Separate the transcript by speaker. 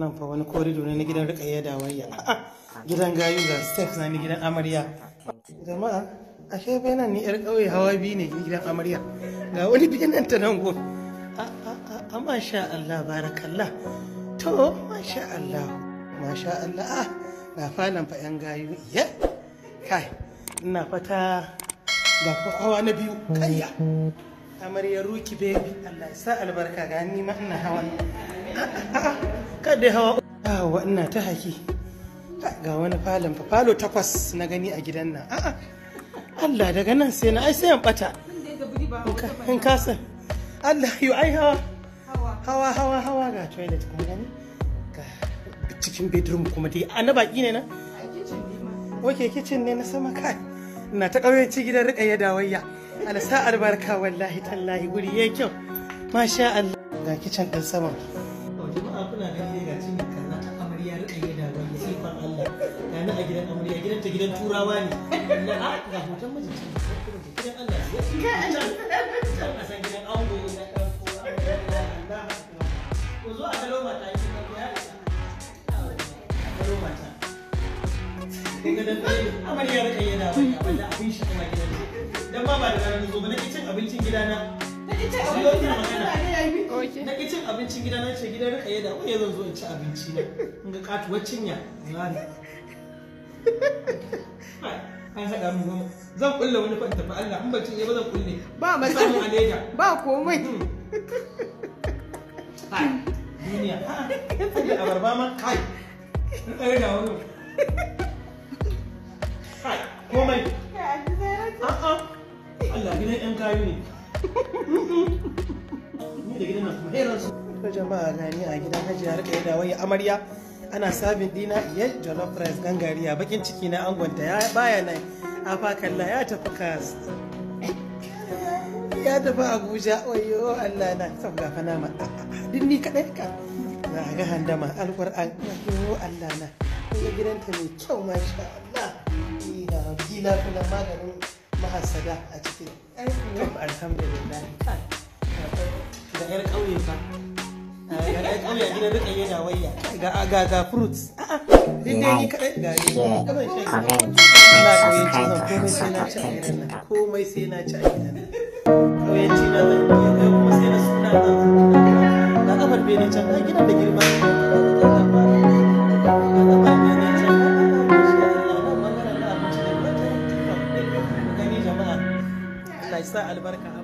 Speaker 1: nan fa wani korido ne na gidan rika ya wayya gidan gayu ga steps na gidan amarya jama'a ashe bai nan ni yar kauye hawa biyu ne gidan amarya ga wani biyanan ta nan go a masha Allah barakallah to masha Allah masha Allah na ah, falan fa yan gayu ya kai ina fata ga ko hawa na biyu kayya amarya ruki baby Allah ya sa albarka ga ni ma ina hawa kada hawa yawa ah, ina ta haki ga wani falon fa falo takwas na gani a gidan nan a'a Allah daga nan sai na ai sai an bata in kasa Allah yau ai hawa hawa hawa hawa ga toilet kuma gani ga cikin bedroom kuma dai a na baki ne na ok kitchen ne na sama kai na ta ƙauyenci gidan rika ya dawayya alsa albarka wallahi tallahi guri ya kyau masha Allah ga kitchen ɗan sama ma kuna gani ga cin kaza amarya da yi da wani sifan Allah ga ni a gidan amarya gidan ta gidan turawa ne na a ga hoton mijinci gidan Allah ya a san gidan ango na ɗauko ko zo a kalo mata yi ka ya kalo mata amarya da yi da wani abin da abin shi kuma gidan da ba ba da ranar zo ba na cin abincin gidana na ki cin abincin gida na ce gidan rika yadda wai yanzu zo in ci abinci na in ga katuwar cinya zani an haɗa mu goma zan kulle wani fa tafi Allah in bacin cinye ba zan kulle ba matsala ba komai hmm. duniya a'a a barba ma kai in ɗaya da wani kai komai a'a Allah gidan 'yan kayu ne ta jama'a gani a gidan amarya ana sabin dina ya jollof rice gangariya bakin ciki na angonta ya baya nan a fakalla ya tafi kas ya tafi abuja oyo allah na sau gafa nama din ni kaɗai ka na ga handama alkur'an oyo allah na kuma gidanta mai kyau masha allah ila kula maganin mahasada a cikin to alhamdulillah da yar ƙauye fa yar ƙauye gina duka yana ga ga ga fruits ni kadai ga ni kaman shi Allah ka yi komai sai na ci a gidan komai sai na ci a gidan na zan yi kuma sai na suna na kafar bene can a gidan يستاهل البركه